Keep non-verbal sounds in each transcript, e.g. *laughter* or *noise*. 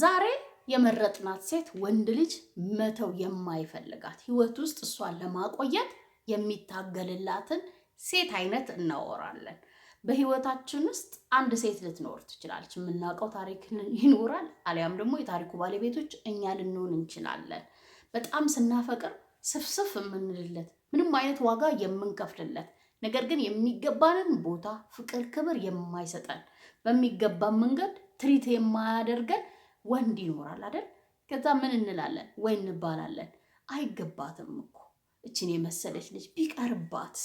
ዛሬ የመረጥናት ሴት ወንድ ልጅ መተው የማይፈልጋት ህይወት ውስጥ እሷን ለማቆየት የሚታገልላትን ሴት አይነት እናወራለን። በህይወታችን ውስጥ አንድ ሴት ልትኖር ትችላለች። የምናውቀው ታሪክ ይኖራል፣ አሊያም ደግሞ የታሪኩ ባለቤቶች እኛ ልንሆን እንችላለን። በጣም ስናፈቅር ስፍስፍ የምንልለት ምንም አይነት ዋጋ የምንከፍልለት ነገር ግን የሚገባንን ቦታ፣ ፍቅር፣ ክብር የማይሰጠን በሚገባ መንገድ ትሪት የማያደርገን ወንድ ይኖራል አይደል? ከዛ ምን እንላለን ወይ እንባላለን። አይገባትም እኮ እችን የመሰለች ልጅ ቢቀርባትስ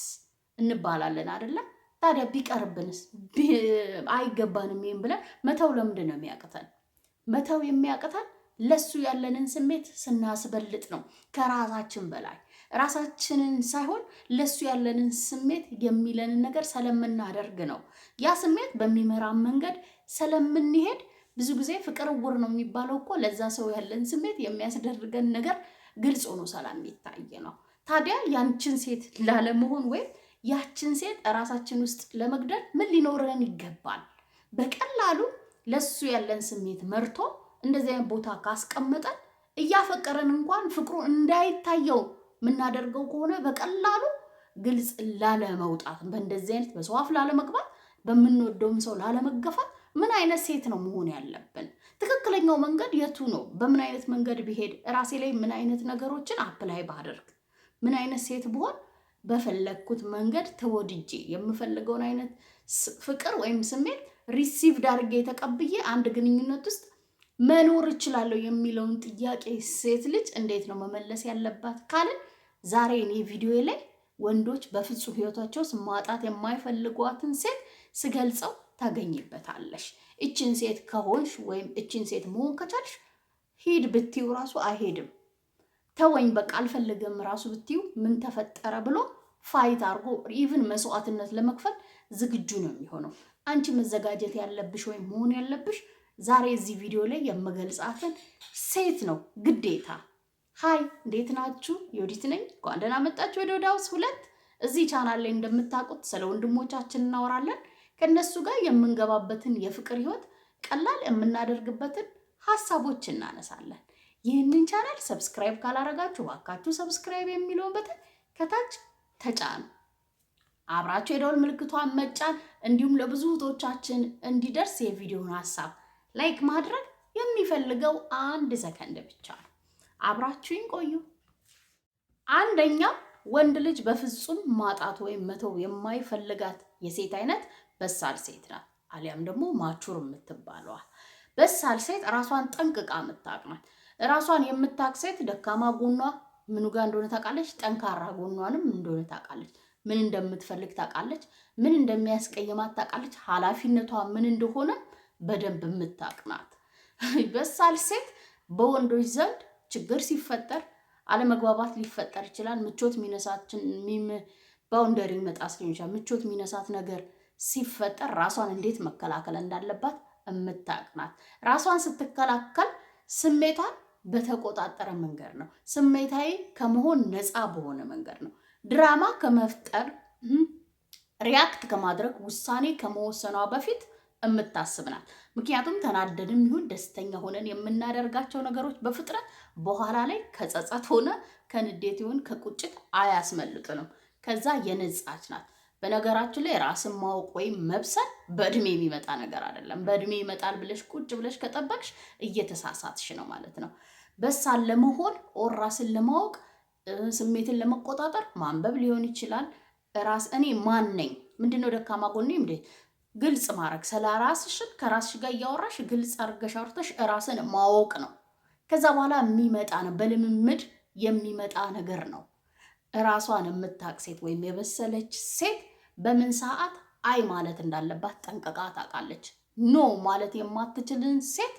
እንባላለን አይደለም? ታዲያ ቢቀርብንስ አይገባንም ይህም ብለን መተው ለምንድን ነው የሚያቅተን? መተው የሚያቅተን ለሱ ያለንን ስሜት ስናስበልጥ ነው ከራሳችን በላይ ራሳችንን ሳይሆን ለሱ ያለንን ስሜት የሚለንን ነገር ስለምናደርግ ነው። ያ ስሜት በሚመራን መንገድ ስለምንሄድ ብዙ ጊዜ ፍቅር እውር ነው የሚባለው እኮ ለዛ ሰው ያለን ስሜት የሚያስደርገን ነገር ግልጽ ሆኖ ሰላም የሚታይ ነው። ታዲያ ያንችን ሴት ላለመሆን ወይም ያችን ሴት ራሳችን ውስጥ ለመግደል ምን ሊኖረን ይገባል? በቀላሉ ለሱ ያለን ስሜት መርቶ እንደዚህ አይነት ቦታ ካስቀመጠን እያፈቀረን እንኳን ፍቅሩ እንዳይታየው የምናደርገው ከሆነ በቀላሉ ግልጽ ላለመውጣት፣ በእንደዚህ አይነት በሰው አፍ ላለመግባት፣ በምንወደውም ሰው ላለመገፋት ምን አይነት ሴት ነው መሆን ያለብን? ትክክለኛው መንገድ የቱ ነው? በምን አይነት መንገድ ብሄድ ራሴ ላይ ምን አይነት ነገሮችን አፕላይ ባደርግ፣ ምን አይነት ሴት ብሆን በፈለግኩት መንገድ ተወድጄ የምፈልገውን አይነት ፍቅር ወይም ስሜት ሪሲቭ ዳርጌ ተቀብዬ አንድ ግንኙነት ውስጥ መኖር እችላለሁ የሚለውን ጥያቄ ሴት ልጅ እንዴት ነው መመለስ ያለባት ካልን ዛሬ እኔ ቪዲዮ ላይ ወንዶች በፍጹም ህይወታቸው ውስጥ ማጣት የማይፈልጓትን ሴት ስገልጸው ታገኝበታለሽ። እችን ሴት ከሆንሽ ወይም እችን ሴት መሆን ከቻልሽ ሂድ ብትዩ ራሱ አይሄድም። ተወኝ በቃ አልፈልግም ራሱ ብትዩ ምን ተፈጠረ ብሎ ፋይት አድርጎ ኢቭን መስዋዕትነት ለመክፈል ዝግጁ ነው የሚሆነው። አንቺ መዘጋጀት ያለብሽ ወይም መሆን ያለብሽ ዛሬ እዚህ ቪዲዮ ላይ የምገልጻትን ሴት ነው ግዴታ። ሀይ እንዴት ናችሁ? ዮዲት ነኝ። እንኳን ደህና መጣችሁ ወደ ዮድ ሃውስ ሁለት። እዚህ ቻናል ላይ እንደምታውቁት ስለ ወንድሞቻችን እናወራለን። ከእነሱ ጋር የምንገባበትን የፍቅር ህይወት ቀላል የምናደርግበትን ሀሳቦች እናነሳለን። ይህንን ቻናል ሰብስክራይብ ካላረጋችሁ ባካችሁ ሰብስክራይብ የሚለውን በተን ከታች ተጫኑ። አብራችሁ የደወል ምልክቷን መጫን እንዲሁም ለብዙ እህቶቻችን እንዲደርስ የቪዲዮን ሀሳብ ላይክ ማድረግ የሚፈልገው አንድ ሰከንድ ብቻ ነው። አብራችሁኝ ቆዩ። አንደኛው ወንድ ልጅ በፍጹም ማጣት ወይም መተው የማይፈልጋት የሴት አይነት በሳል ሴት ናት። አሊያም ደግሞ ማቹር የምትባለዋ በሳል ሴት ራሷን ጠንቅቃ የምታውቅ ናት። ራሷን የምታውቅ ሴት ደካማ ጎኗ ምኑ ጋር እንደሆነ ታውቃለች። ጠንካራ ጎኗንም እንደሆነ ታውቃለች። ምን እንደምትፈልግ ታውቃለች። ምን እንደሚያስቀይማት ታውቃለች። ኃላፊነቷ ምን እንደሆነ በደንብ የምታቅ ናት። *laughs* በሳል ሴት በወንዶች ዘንድ ችግር ሲፈጠር አለመግባባት ሊፈጠር ይችላል። ምቾት ሚነሳችን ባውንደሪ መጣስ ሊሆን ይችላል። ምቾት ሚነሳት ነገር ሲፈጠር ራሷን እንዴት መከላከል እንዳለባት እምታቅ ናት። ራሷን ስትከላከል ስሜቷን በተቆጣጠረ መንገድ ነው። ስሜታዊ ከመሆን ነፃ በሆነ መንገድ ነው። ድራማ ከመፍጠር ሪያክት ከማድረግ ውሳኔ ከመወሰኗ በፊት እምታስብ ናት። ምክንያቱም ተናደድም ይሁን ደስተኛ ሆነን የምናደርጋቸው ነገሮች በፍጥነት በኋላ ላይ ከጸጸት ሆነ ከንዴት ይሁን ከቁጭት አያስመልጡንም። ከዛ የነጻች ናት። በነገራችን ላይ ራስን ማወቅ ወይም መብሰል በእድሜ የሚመጣ ነገር አይደለም። በእድሜ ይመጣል ብለሽ ቁጭ ብለሽ ከጠበቅሽ እየተሳሳትሽ ነው ማለት ነው። በሳል ለመሆን ኦር ራስን ለማወቅ ስሜትን ለመቆጣጠር ማንበብ ሊሆን ይችላል። ራስ እኔ ማን ነኝ? ምንድነው ደካማ ጎኔ? እንዴ ግልጽ ማድረግ ስለ ራስሽን ከራስሽ ጋር እያወራሽ ግልጽ አድርገሽ አውርተሽ ራስን ማወቅ ነው። ከዛ በኋላ የሚመጣ ነው፣ በልምምድ የሚመጣ ነገር ነው። ራሷን የምታቅ ሴት ወይም የበሰለች ሴት በምን ሰዓት አይ ማለት እንዳለባት ጠንቅቃ ታውቃለች። ኖ ማለት የማትችልን ሴት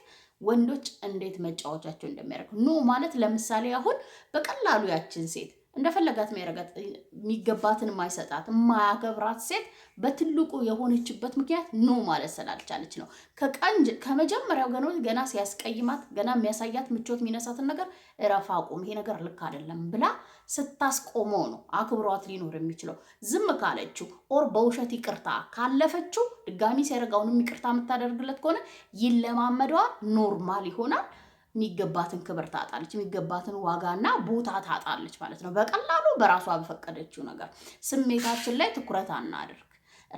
ወንዶች እንዴት መጫወቻቸው እንደሚያደርግ ኖ ማለት ለምሳሌ አሁን በቀላሉ ያችን ሴት እንደፈለጋት የሚያረጋት የሚገባትን የማይሰጣት የማያገብራት ሴት በትልቁ የሆነችበት ምክንያት ኖ ማለት ስላልቻለች ነው። ከመጀመሪያው ገኖ ገና ሲያስቀይማት ገና የሚያሳያት ምቾት የሚነሳትን ነገር እረፍ፣ አቁም፣ ይሄ ነገር ልክ አይደለም ብላ ስታስቆመው ነው አክብሯት ሊኖር የሚችለው። ዝም ካለችው ኦር በውሸት ይቅርታ ካለፈችው ድጋሚ ሲያደርጋውንም ይቅርታ የምታደርግለት ከሆነ ይለማመደዋል፣ ኖርማል ይሆናል። የሚገባትን ክብር ታጣለች፣ የሚገባትን ዋጋና ቦታ ታጣለች ማለት ነው። በቀላሉ በራሷ በፈቀደችው ነገር ስሜታችን ላይ ትኩረት አናድርግ።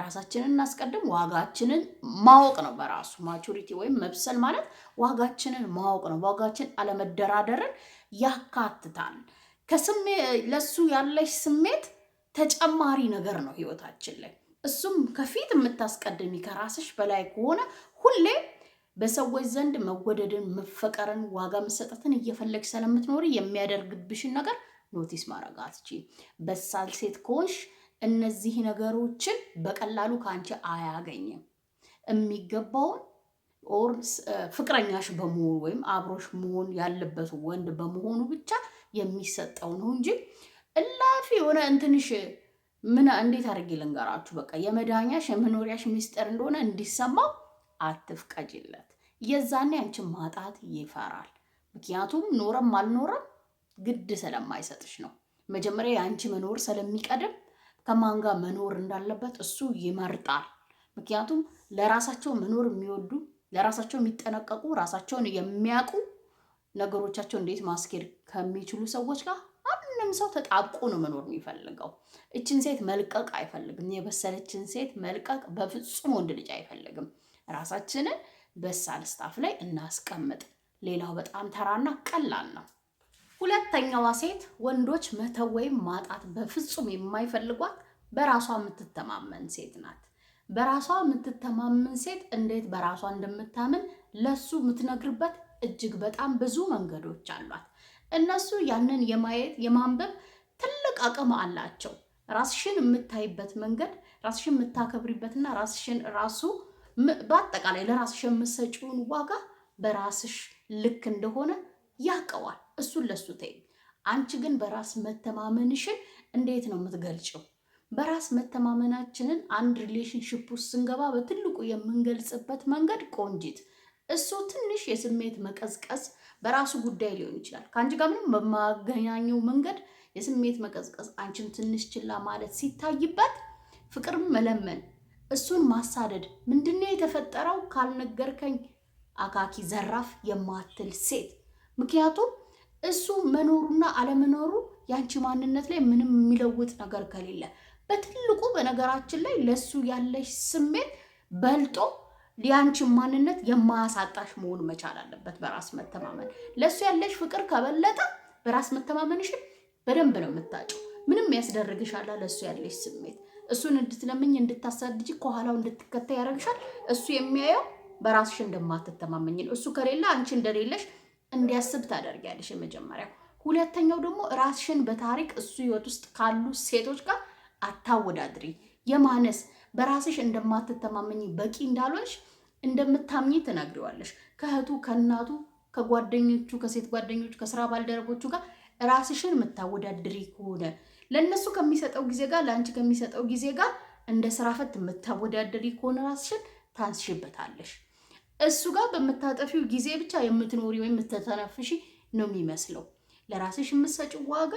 ራሳችንን እናስቀድም። ዋጋችንን ማወቅ ነው በራሱ ማቹሪቲ ወይም መብሰል ማለት ዋጋችንን ማወቅ ነው። ዋጋችን አለመደራደርን ያካትታል። ከስሜ ለሱ ያለሽ ስሜት ተጨማሪ ነገር ነው ህይወታችን ላይ እሱም ከፊት የምታስቀድሚ ከራስሽ በላይ ከሆነ ሁሌ በሰዎች ዘንድ መወደድን፣ መፈቀርን፣ ዋጋ መሰጠትን እየፈለግሽ ስለምትኖሪ የሚያደርግብሽን ነገር ኖቲስ ማድረግ አትችይም። በሳል ሴት ከሆንሽ እነዚህ ነገሮችን በቀላሉ ከአንቺ አያገኝም። የሚገባውን ኦር ፍቅረኛሽ በመሆኑ ወይም አብሮሽ መሆን ያለበት ወንድ በመሆኑ ብቻ የሚሰጠው ነው እንጂ እላፊ የሆነ እንትንሽ ምን እንዴት አድርጌ ልንገራችሁ፣ በቃ የመዳኛሽ የመኖሪያሽ ሚስጥር እንደሆነ እንዲሰማው አትፍቀጅለት። የዛኔ አንቺን ማጣት ይፈራል። ምክንያቱም ኖረም አልኖረም ግድ ስለማይሰጥሽ ነው። መጀመሪያ የአንቺ መኖር ስለሚቀድም ከማን ጋር መኖር እንዳለበት እሱ ይመርጣል። ምክንያቱም ለራሳቸው መኖር የሚወዱ ለራሳቸው የሚጠነቀቁ ራሳቸውን የሚያውቁ ነገሮቻቸው እንዴት ማስኬድ ከሚችሉ ሰዎች ጋር ማንም ሰው ተጣብቆ ነው መኖር የሚፈልገው። እችን ሴት መልቀቅ አይፈልግም። የበሰለችን ሴት መልቀቅ በፍጹም ወንድ ልጅ አይፈልግም። ራሳችንን በሳል ስታፍ ላይ እናስቀምጥ። ሌላው በጣም ተራና ቀላል ነው። ሁለተኛዋ ሴት ወንዶች መተው ወይም ማጣት በፍጹም የማይፈልጓት በራሷ የምትተማመን ሴት ናት። በራሷ የምትተማመን ሴት እንዴት በራሷ እንደምታምን ለሱ የምትነግርበት እጅግ በጣም ብዙ መንገዶች አሏት። እነሱ ያንን የማየት የማንበብ ትልቅ አቅም አላቸው። ራስሽን የምታይበት መንገድ፣ ራስሽን የምታከብሪበትና ራስሽን ራሱ በአጠቃላይ ለራስሽ የምትሰጪውን ዋጋ በራስሽ ልክ እንደሆነ ያቀዋል። እሱን ለሱ ተይ አንቺ ግን በራስ መተማመንሽን እንዴት ነው የምትገልጭው? በራስ መተማመናችንን አንድ ሪሌሽንሽፕ ውስጥ ስንገባ በትልቁ የምንገልጽበት መንገድ ቆንጂት፣ እሱ ትንሽ የስሜት መቀዝቀዝ በራሱ ጉዳይ ሊሆን ይችላል። ከአንቺ ጋር ምንም በማገናኘው መንገድ የስሜት መቀዝቀዝ፣ አንቺን ትንሽ ችላ ማለት ሲታይበት ፍቅርም መለመን እሱን ማሳደድ ምንድነው የተፈጠረው? ካልነገርከኝ አካኪ ዘራፍ የማትል ሴት። ምክንያቱም እሱ መኖሩና አለመኖሩ ያንቺ ማንነት ላይ ምንም የሚለውጥ ነገር ከሌለ በትልቁ በነገራችን ላይ ለሱ ያለሽ ስሜት በልጦ ያንቺን ማንነት የማያሳጣሽ መሆን መቻል አለበት። በራስ መተማመን ለሱ ያለሽ ፍቅር ከበለጠ በራስ መተማመንሽን በደንብ ነው የምታጭው። ምንም ያስደርግሻላ ለሱ ያለሽ ስሜት እሱን እንድትለምኝ እንድታሳድጂ ከኋላው እንድትከታ ያደርግሻል። እሱ የሚያየው በራስሽ እንደማትተማመኝ ነው። እሱ ከሌለ አንቺ እንደሌለሽ እንዲያስብ ታደርጊያለሽ። የመጀመሪያ ሁለተኛው ደግሞ ራስሽን በታሪክ እሱ ህይወት ውስጥ ካሉ ሴቶች ጋር አታወዳድሪ። የማነስ በራስሽ እንደማትተማመኝ በቂ እንዳልሆንሽ እንደምታምኝ ትነግሪዋለሽ። ከእህቱ ከእናቱ ከጓደኞቹ ከሴት ጓደኞቹ ከስራ ባልደረቦቹ ጋር ራስሽን የምታወዳድሪ ከሆነ ለእነሱ ከሚሰጠው ጊዜ ጋር ለአንቺ ከሚሰጠው ጊዜ ጋር እንደ ስራ ፈት የምታወዳደሪ ከሆነ ራስሽን ታንስሽበታለሽ። እሱ ጋር በምታጠፊው ጊዜ ብቻ የምትኖሪ ወይም የምትተነፍሺ ነው የሚመስለው። ለራስሽ የምሰጭ ዋጋ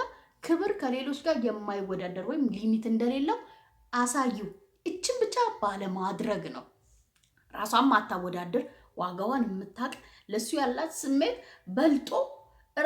ክብር ከሌሎች ጋር የማይወዳደር ወይም ሊሚት እንደሌለው አሳዩ። እችን ብቻ ባለማድረግ ነው ራሷን ማታወዳደር ዋጋዋን የምታቅ ለእሱ ያላት ስሜት በልጦ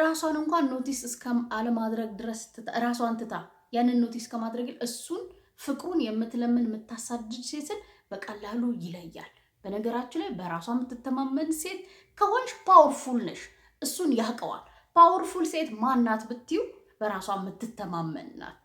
ራሷን እንኳን ኖቲስ እስከ አለማድረግ ድረስ ራሷን ትታ ያንን ኖቲስ ከማድረግ እሱን ፍቅሩን የምትለምን የምታሳድድ ሴትን በቀላሉ ይለያል። በነገራችን ላይ በራሷ የምትተማመን ሴት ከሆንሽ ፓወርፉል ነሽ፣ እሱን ያውቀዋል። ፓወርፉል ሴት ማናት ብትዩ በራሷ የምትተማመን ናት።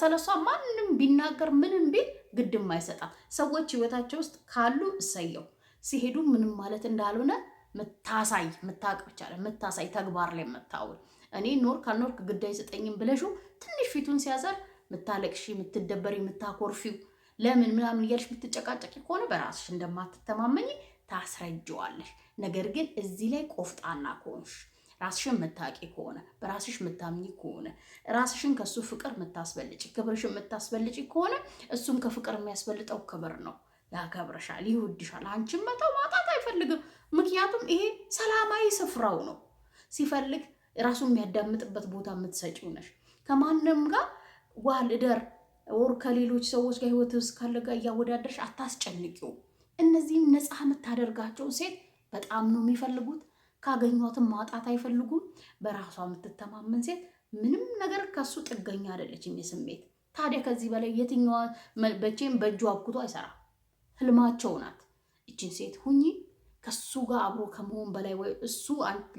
ስለሷ ማንም ቢናገር ምንም ቢል ግድም አይሰጣም። ሰዎች ህይወታቸው ውስጥ ካሉ እሰየው፣ ሲሄዱ ምንም ማለት እንዳልሆነ ምታሳይ ምታቅ ብቻ ምታሳይ ተግባር ላይ የምታውል እኔ ኖር ካልኖርክ ግዳይ ስጠኝም ብለሽው ትንሽ ፊቱን ሲያዘር ምታለቅሺ፣ ምትደበሪ፣ ምታኮርፊው ለምን ምናምን እያልሽ ምትጨቃጨቂ ከሆነ በራስሽ እንደማትተማመኝ ታስረጅዋለሽ። ነገር ግን እዚህ ላይ ቆፍጣና ከሆንሽ ራስሽን ምታቂ ከሆነ በራስሽ ምታምኝ ከሆነ ራስሽን ከእሱ ፍቅር ምታስበልጭ ክብርሽን ምታስበልጭ ከሆነ እሱም ከፍቅር የሚያስበልጠው ክብር ነው። ያከብርሻል፣ ይውድሻል። አንቺን መተው ማጣት አይፈልግም። ምክንያቱም ይሄ ሰላማዊ ስፍራው ነው። ሲፈልግ ራሱ የሚያዳምጥበት ቦታ የምትሰጪው ነሽ። ከማንም ጋር ዋል እደር ወር ከሌሎች ሰዎች ጋር ህይወት ውስጥ ካለ ጋር እያወዳደርሽ አታስጨንቂው። እነዚህም ነፃ የምታደርጋቸው ሴት በጣም ነው የሚፈልጉት። ካገኟትም ማጣት አይፈልጉም። በራሷ የምትተማመን ሴት ምንም ነገር ከሱ ጥገኛ አይደለችም የስሜት ታዲያ ከዚህ በላይ የትኛዋ መቼም በእጁ አብኩቶ አይሰራም። ህልማቸው ናት። እችን ሴት ሁኚ ከሱ ጋር አብሮ ከመሆን በላይ ወይ እሱ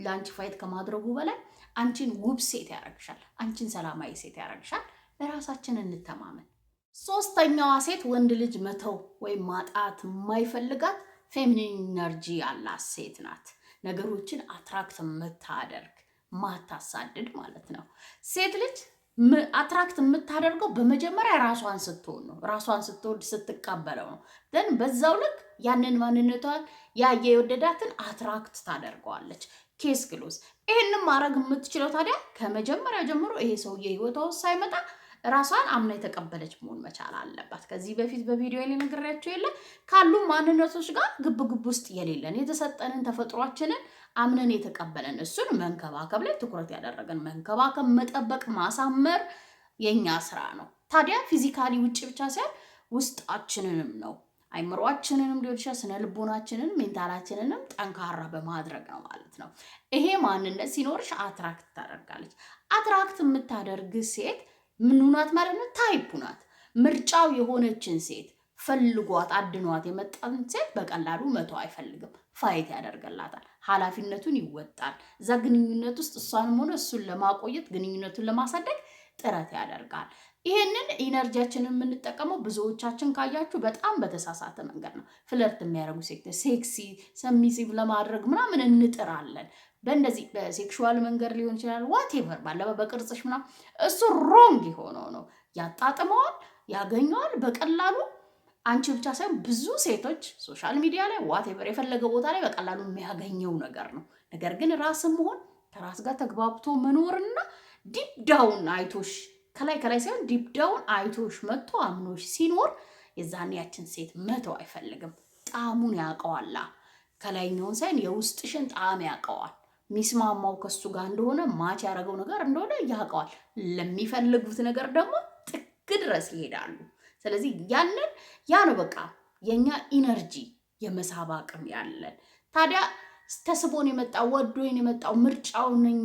ለአንቺ ፋይት ከማድረጉ በላይ አንቺን ውብ ሴት ያደርግሻል። አንቺን ሰላማዊ ሴት ያደርግሻል። በራሳችን እንተማመን። ሶስተኛዋ ሴት ወንድ ልጅ መተው ወይም ማጣት የማይፈልጋት ፌሚኒን ኢነርጂ ያላት ሴት ናት። ነገሮችን አትራክት የምታደርግ ማታሳድድ ማለት ነው ሴት ልጅ አትራክት የምታደርገው በመጀመሪያ ራሷን ስትሆን ነው። ራሷን ስትወድ ስትቀበለው ነው። ደን በዛው ልክ ያንን ማንነቷን ያየ የወደዳትን አትራክት ታደርገዋለች። ኬስ ክሎዝ። ይህንም ማድረግ የምትችለው ታዲያ ከመጀመሪያ ጀምሮ ይሄ ሰውዬ ህይወቷ ውስጥ ሳይመጣ ራሷን አምና የተቀበለች መሆን መቻል አለባት። ከዚህ በፊት በቪዲዮ ላይ ነግሬያቸው የለ ካሉ ማንነቶች ጋር ግብ ግብ ውስጥ የሌለን የተሰጠንን ተፈጥሯችንን አምነን የተቀበለን እሱን መንከባከብ ላይ ትኩረት ያደረገን መንከባከብ፣ መጠበቅ፣ ማሳመር የኛ ስራ ነው። ታዲያ ፊዚካሊ ውጭ ብቻ ሳይሆን ውስጣችንንም ነው አይምሯችንንም ሊሆን ይችላል ስነ ልቦናችንን ሜንታላችንንም ጠንካራ በማድረግ ነው ማለት ነው። ይሄ ማንነት ሲኖርሽ አትራክት ታደርጋለች። አትራክት የምታደርግ ሴት ምኑ ናት ማለት ነው? ታይፑ ናት። ምርጫው የሆነችን ሴት ፈልጓት አድኗት የመጣን ሴት በቀላሉ መቶ አይፈልግም፣ ፋይት ያደርግላታል። ኃላፊነቱን ይወጣል። እዛ ግንኙነት ውስጥ እሷንም ሆነ እሱን ለማቆየት ግንኙነቱን ለማሳደግ ጥረት ያደርጋል። ይህንን ኢነርጂያችንን የምንጠቀመው ብዙዎቻችን ካያችሁ በጣም በተሳሳተ መንገድ ነው። ፍለርት የሚያደርጉ ሴክሲ ሰሚሲቭ ለማድረግ ምናምን እንጥራለን። በእንደዚህ በሴክሹዋል መንገድ ሊሆን ይችላል። ዋቴቨር ባለበ በቅርጽሽ ምናምን እሱ ሮንግ የሆነው ነው። ያጣጥመዋል፣ ያገኘዋል በቀላሉ አንቺ ብቻ ሳይሆን ብዙ ሴቶች ሶሻል ሚዲያ ላይ ዋቴቨር የፈለገ ቦታ ላይ በቀላሉ የሚያገኘው ነገር ነው። ነገር ግን ራስ መሆን ከራስ ጋር ተግባብቶ መኖርና ዲፕ ዳውን አይቶሽ ከላይ ከላይ ሳይሆን ዲፕ ዳውን አይቶሽ መጥቶ አምኖሽ ሲኖር የዛን ያችን ሴት መተው አይፈልግም። ጣዕሙን ያውቀዋላ። ከላይኛውን ሳይሆን የውስጥሽን ጣዕም ያውቀዋል። ሚስማማው ከሱ ጋር እንደሆነ ማች ያደረገው ነገር እንደሆነ ያውቀዋል። ለሚፈልጉት ነገር ደግሞ ጥግ ድረስ ይሄዳሉ። ስለዚህ ያለን ያ ነው በቃ የእኛ ኢነርጂ የመሳብ አቅም ያለን። ታዲያ ተስቦን የመጣው ወዶኝ የመጣው ምርጫው ነኝ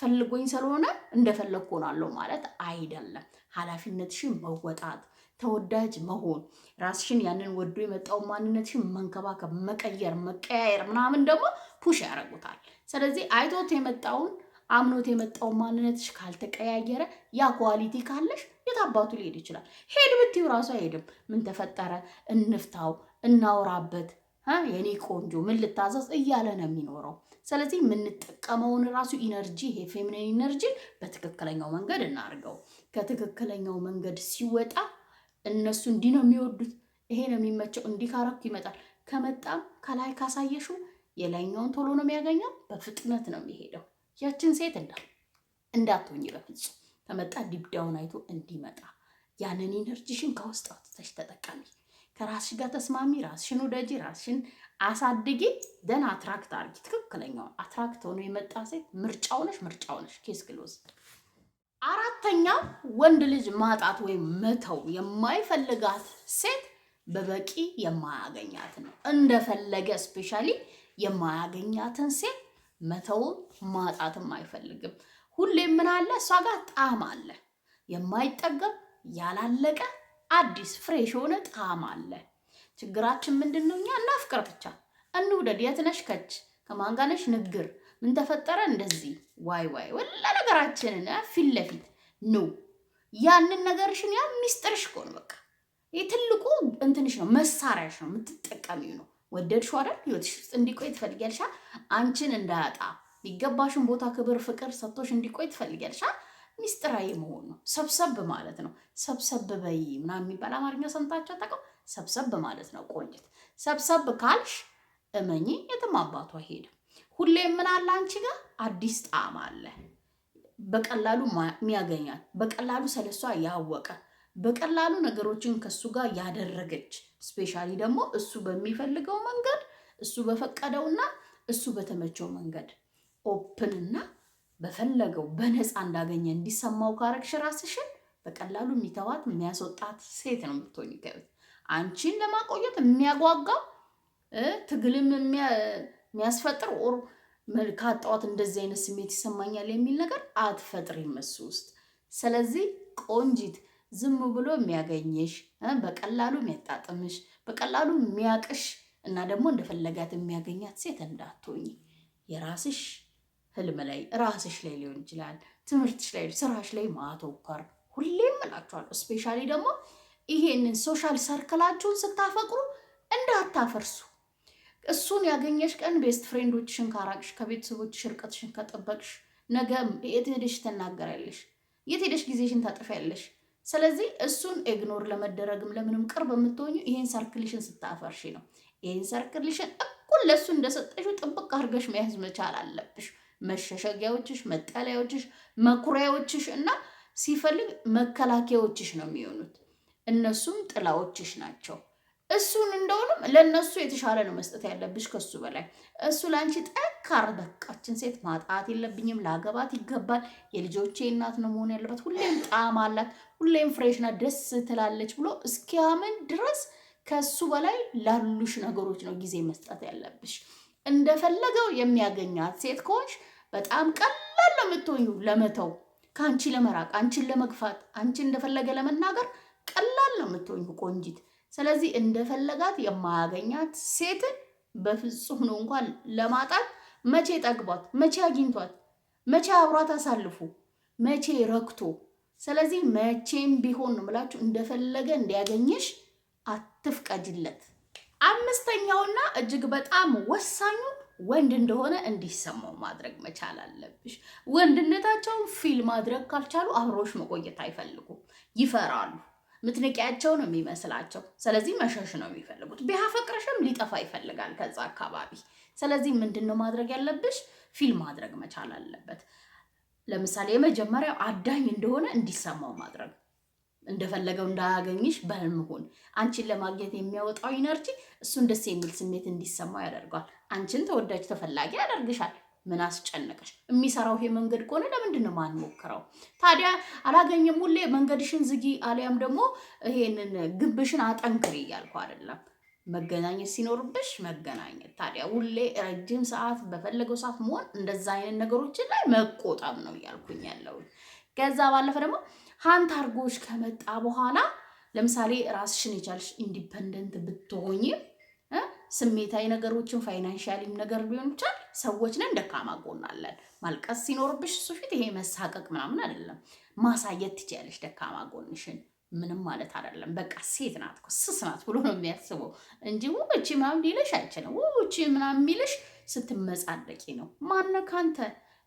ፈልጎኝ ስለሆነ እንደፈለግኩ ሆናለሁ ማለት አይደለም። ኃላፊነትሽን መወጣት፣ ተወዳጅ መሆን፣ ራስሽን ያንን ወዶ የመጣው ማንነትሽን መንከባከብ፣ መቀየር፣ መቀያየር ምናምን ደግሞ ፑሽ ያደርጉታል። ስለዚህ አይቶት የመጣውን አምኖት የመጣውን ማንነትሽ ካልተቀያየረ ያ ኳሊቲ ካለሽ የታባቱ ሊሄድ ይችላል? ሄድ ብትይው ራሱ አይሄድም። ምን ተፈጠረ እንፍታው፣ እናውራበት፣ የኔ ቆንጆ ምን ልታዘዝ እያለ ነው የሚኖረው። ስለዚህ የምንጠቀመውን ራሱ ኢነርጂ ይሄ ፌሚኒን ኢነርጂ በትክክለኛው መንገድ እናርገው። ከትክክለኛው መንገድ ሲወጣ እነሱ እንዲህ ነው የሚወዱት፣ ይሄ ነው የሚመቸው፣ እንዲህ ካረኩ ይመጣል። ከመጣም ከላይ ካሳየሽው የላይኛውን ቶሎ ነው የሚያገኘው፣ በፍጥነት ነው የሚሄደው። ያችን ሴት እንዳል እንዳትሆኝ በፍጹም ከመጣ ዲብዳውን አይቶ እንዲመጣ ያንን ኢነርጂሽን ከውስጥ አውጥተሽ ተጠቀሚ። ከራስሽ ጋር ተስማሚ፣ ራስሽን ውደጂ፣ ራስሽን አሳድጊ። ደን አትራክት አርጊ። ትክክለኛውን አትራክት ሆኖ የመጣ ሴት ምርጫው ነሽ፣ ምርጫው ነሽ። ኬስ ክሎዝ። አራተኛ ወንድ ልጅ ማጣት ወይም መተው የማይፈልጋት ሴት በበቂ የማያገኛት ነው። እንደፈለገ ስፔሻሊ የማያገኛትን ሴት መተውም ማጣትም አይፈልግም። ሁሌ ምን አለ እሷ ጋር ጣዕም አለ፣ የማይጠገብ ያላለቀ አዲስ ፍሬሽ የሆነ ጣዕም አለ። ችግራችን ምንድን ነው? እኛ እናፍቅር ብቻ እንውደድ። የትነሽ ከች ከማንጋነሽ ንግር ምን ተፈጠረ እንደዚህ ዋይ ዋይ ወለ ነገራችንን ፊት ለፊት ኑ ያንን ነገርሽን ያ ሚስጥርሽ እኮ ነው። በቃ ይህ ትልቁ እንትንሽ ነው መሳሪያሽ ነው የምትጠቀሚው ነው። ወደድሽው አይደል? ህይወትሽ ውስጥ እንዲቆይ ትፈልጊያለሽ። አንቺን እንዳያጣ ይገባሽን ቦታ፣ ክብር፣ ፍቅር ሰጥቶሽ እንዲቆይ ትፈልጊያለሽ። ሚስጥራዊ መሆን ነው። ሰብሰብ ማለት ነው። ሰብሰብ በይ ምናምን የሚባል አማርኛ ሰምታችሁ አታውቅም? ሰብሰብ ማለት ነው። ቆንጅት ሰብሰብ ካልሽ እመኚ የትም አባቱ አይሄድም። ሁሌ ምን አለ አንቺ ጋር አዲስ ጣዕም አለ። በቀላሉ የሚያገኛት በቀላሉ ስለሷ ያወቀ በቀላሉ ነገሮችን ከሱ ጋር ያደረገች ስፔሻሊ ደግሞ እሱ በሚፈልገው መንገድ እሱ በፈቀደውና እሱ በተመቸው መንገድ ኦፕንና በፈለገው በነፃ እንዳገኘ እንዲሰማው ካረግሽ ራስሽን በቀላሉ የሚተዋት የሚያስወጣት ሴት ነው የምትሆኝ። አንቺን ለማቆየት የሚያጓጋው ትግልም የሚያስፈጥር ኦር መልክ እንደዚህ አይነት ስሜት ይሰማኛል የሚል ነገር አትፈጥሪም እሱ ውስጥ። ስለዚህ ቆንጂት ዝም ብሎ የሚያገኝሽ በቀላሉ የሚያጣጥምሽ በቀላሉ የሚያቅሽ እና ደግሞ እንደፈለጋት የሚያገኛት ሴት እንዳትሆኝ የራስሽ ህልም ላይ፣ ራስሽ ላይ ሊሆን ይችላል፣ ትምህርትሽ ላይ፣ ስራሽ ላይ ማተኮር ሁሌም እላችኋለሁ። እስፔሻሊ ደግሞ ይሄንን ሶሻል ሰርክላችሁን ስታፈቅሩ እንዳታፈርሱ። እሱን ያገኘሽ ቀን ቤስት ፍሬንዶችሽን ካራቅሽ፣ ከቤተሰቦችሽ እርቀትሽን ከጠበቅሽ፣ ነገ የት ሄደሽ ትናገሪያለሽ? የት ሄደሽ ጊዜሽን ታጠፊያለሽ? ስለዚህ እሱን ኢግኖር ለመደረግም ለምንም ቅርብ የምትሆኙ ይሄን ሰርክልሽን ስታፈርሽ ነው። ይሄን ሰርክልሽን እኩል ለእሱ እንደሰጠሽው ጥብቅ አድርገሽ መያዝ መቻል አለብሽ። መሸሸጊያዎችሽ፣ መጠለያዎችሽ፣ መኩሪያዎችሽ እና ሲፈልግ መከላከያዎችሽ ነው የሚሆኑት። እነሱም ጥላዎችሽ ናቸው። እሱን እንደውንም ለእነሱ የተሻለ ነው መስጠት ያለብሽ ከሱ በላይ። እሱ ለአንቺ ጠንካራ በቃችን ሴት ማጣት የለብኝም ለአገባት ይገባል፣ የልጆቼ እናት ነው መሆን ያለበት ሁሌም ጣዕም አላት፣ ሁሌም ፍሬሽና ደስ ትላለች ብሎ እስኪያምን ድረስ ከሱ በላይ ላሉሽ ነገሮች ነው ጊዜ መስጠት ያለብሽ። እንደፈለገው የሚያገኛት ሴት ከሆንሽ በጣም ቀላል ነው የምትሆኙ ለመተው ከአንቺ ለመራቅ አንቺን ለመግፋት አንቺን እንደፈለገ ለመናገር ቀላል ነው የምትሆኙ ቆንጂት። ስለዚህ እንደፈለጋት የማያገኛት ሴትን በፍጹም ነው እንኳን ለማጣት መቼ ጠግቧት፣ መቼ አግኝቷት፣ መቼ አብሯት አሳልፉ፣ መቼ ረክቶ። ስለዚህ መቼም ቢሆን ነው የምላችሁ እንደፈለገ እንዲያገኝሽ አትፍቀጅለት። አምስተኛውና እጅግ በጣም ወሳኙ ወንድ እንደሆነ እንዲሰማው ማድረግ መቻል አለብሽ። ወንድነታቸውን ፊል ማድረግ ካልቻሉ አብሮሽ መቆየት አይፈልጉም፣ ይፈራሉ። ምትንቂያቸው ነው የሚመስላቸው። ስለዚህ መሸሽ ነው የሚፈልጉት። ቢያፈቅርሽም ሊጠፋ ይፈልጋል ከዛ አካባቢ። ስለዚህ ምንድን ነው ማድረግ ያለብሽ? ፊል ማድረግ መቻል አለበት። ለምሳሌ የመጀመሪያው አዳኝ እንደሆነ እንዲሰማው ማድረግ እንደፈለገው እንዳያገኝሽ በህልም ሁን። አንቺን ለማግኘት የሚያወጣው ኢነርጂ እሱን ደስ የሚል ስሜት እንዲሰማው ያደርገዋል። አንቺን ተወዳጅ ተፈላጊ ያደርግሻል። ምን አስጨነቀሽ? የሚሰራው ይሄ መንገድ ከሆነ ለምንድን ነው ማንሞክረው? ታዲያ አላገኘም፣ ሁሌ መንገድሽን ዝጊ፣ አሊያም ደግሞ ይሄንን ግብሽን አጠንክሪ እያልኩ አይደለም። መገናኘት ሲኖርብሽ መገናኘት። ታዲያ ሁሌ ረጅም ሰዓት በፈለገው ሰዓት መሆን እንደዛ አይነት ነገሮችን ላይ መቆጠብ ነው እያልኩኝ ያለውን ከዛ ባለፈ ደግሞ ሀንት አርጎሽ ከመጣ በኋላ ለምሳሌ ራስሽን የቻልሽ ኢንዲፐንደንት ብትሆኝ ስሜታዊ ነገሮችን ፋይናንሻሊም ነገር ሊሆን ይችላል። ሰዎች ነን፣ ደካማ ጎናለን። ማልቀስ ሲኖርብሽ እሱ ፊት ይሄ መሳቀቅ ምናምን አይደለም። ማሳየት ትችያለሽ ደካማ ጎንሽን። ምንም ማለት አይደለም። በቃ ሴት ናት ስስ ናት ብሎ ነው የሚያስበው እንጂ ውቺ ምናምን ሊለሽ አይችልም። ውቺ ምናምን የሚልሽ ስትመጻደቂ ነው። ማነው ካንተ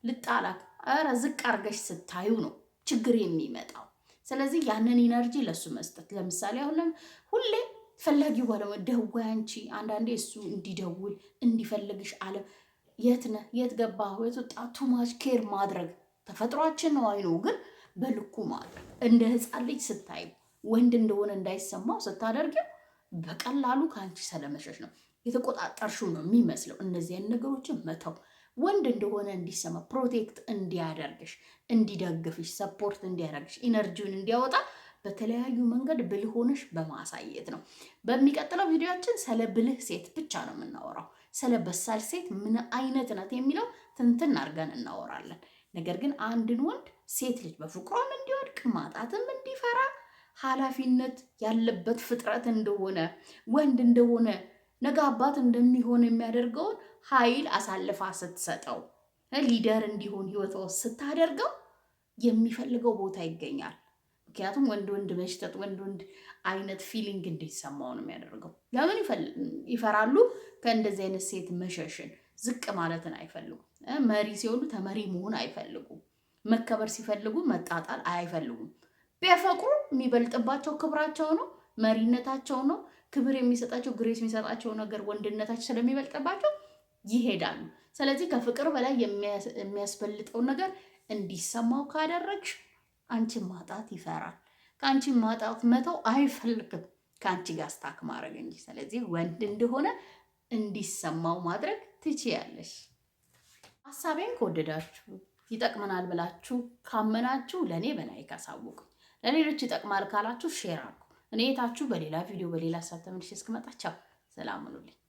ልጣላት? ኧረ ዝቅ አርገሽ ስታዩ ነው ችግር የሚመጣው። ስለዚህ ያንን ኢነርጂ ለሱ መስጠት ለምሳሌ አሁንም ሁሌ ፈላጊ ባለመ ደውይ አንቺ አንዳንዴ እሱ እንዲደውል እንዲፈልግሽ አለም የት ነ የት ገባ የት ወጣ ቱማች ኬር ማድረግ ተፈጥሯችን ነው አይኖ ግን በልኩ ማድረግ እንደ ህፃን ልጅ ስታይ ወንድ እንደሆነ እንዳይሰማው ስታደርጊው በቀላሉ ከአንቺ ስለመሸሽ ነው የተቆጣጠርሽው ነው የሚመስለው እነዚያን ነገሮችን መተው ወንድ እንደሆነ እንዲሰማ ፕሮቴክት እንዲያደርግሽ፣ እንዲደግፍሽ፣ ሰፖርት እንዲያደርግሽ፣ ኢነርጂውን እንዲያወጣ በተለያዩ መንገድ ብልህ ሆነሽ በማሳየት ነው። በሚቀጥለው ቪዲዮችን ስለ ብልህ ሴት ብቻ ነው የምናወራው። ስለ በሳል ሴት ምን አይነት ናት የሚለው ትንትን አድርገን እናወራለን። ነገር ግን አንድን ወንድ ሴት ልጅ በፍቅሯም እንዲወድቅ ማጣትም እንዲፈራ ኃላፊነት ያለበት ፍጥረት እንደሆነ ወንድ እንደሆነ ነገ አባት እንደሚሆን የሚያደርገውን ኃይል አሳልፋ ስትሰጠው ሊደር እንዲሆን ህይወት ውስጥ ስታደርገው የሚፈልገው ቦታ ይገኛል። ምክንያቱም ወንድ ወንድ መሽጠጥ ወንድ ወንድ አይነት ፊሊንግ እንዲሰማው ነው የሚያደርገው። ለምን ይፈራሉ? ከእንደዚህ አይነት ሴት መሸሽን፣ ዝቅ ማለትን አይፈልጉም። መሪ ሲሆኑ ተመሪ መሆን አይፈልጉም። መከበር ሲፈልጉ መጣጣል አይፈልጉም። ቢያፈቅሩ የሚበልጥባቸው ክብራቸው ነው፣ መሪነታቸው ነው። ክብር የሚሰጣቸው ግሬስ የሚሰጣቸው ነገር ወንድነታቸው ስለሚበልጥባቸው ይሄዳሉ። ስለዚህ ከፍቅር በላይ የሚያስበልጠውን ነገር እንዲሰማው ካደረግሽ አንቺን ማጣት ይፈራል። ከአንቺን ማጣት መተው አይፈልግም ከአንቺ ጋር ስታክ ማድረግ እንጂ። ስለዚህ ወንድ እንደሆነ እንዲሰማው ማድረግ ትችያለሽ። ሀሳቤን ከወደዳችሁ ይጠቅመናል ብላችሁ ካመናችሁ ለእኔ በላይክ አሳውቁኝ። ለሌሎች ይጠቅማል ካላችሁ ሼር አርጉ። እኔ የታችሁ በሌላ ቪዲዮ በሌላ ሀሳብ ተመልሼ እስክመጣ ቻው፣ ሰላም ሁኑልኝ።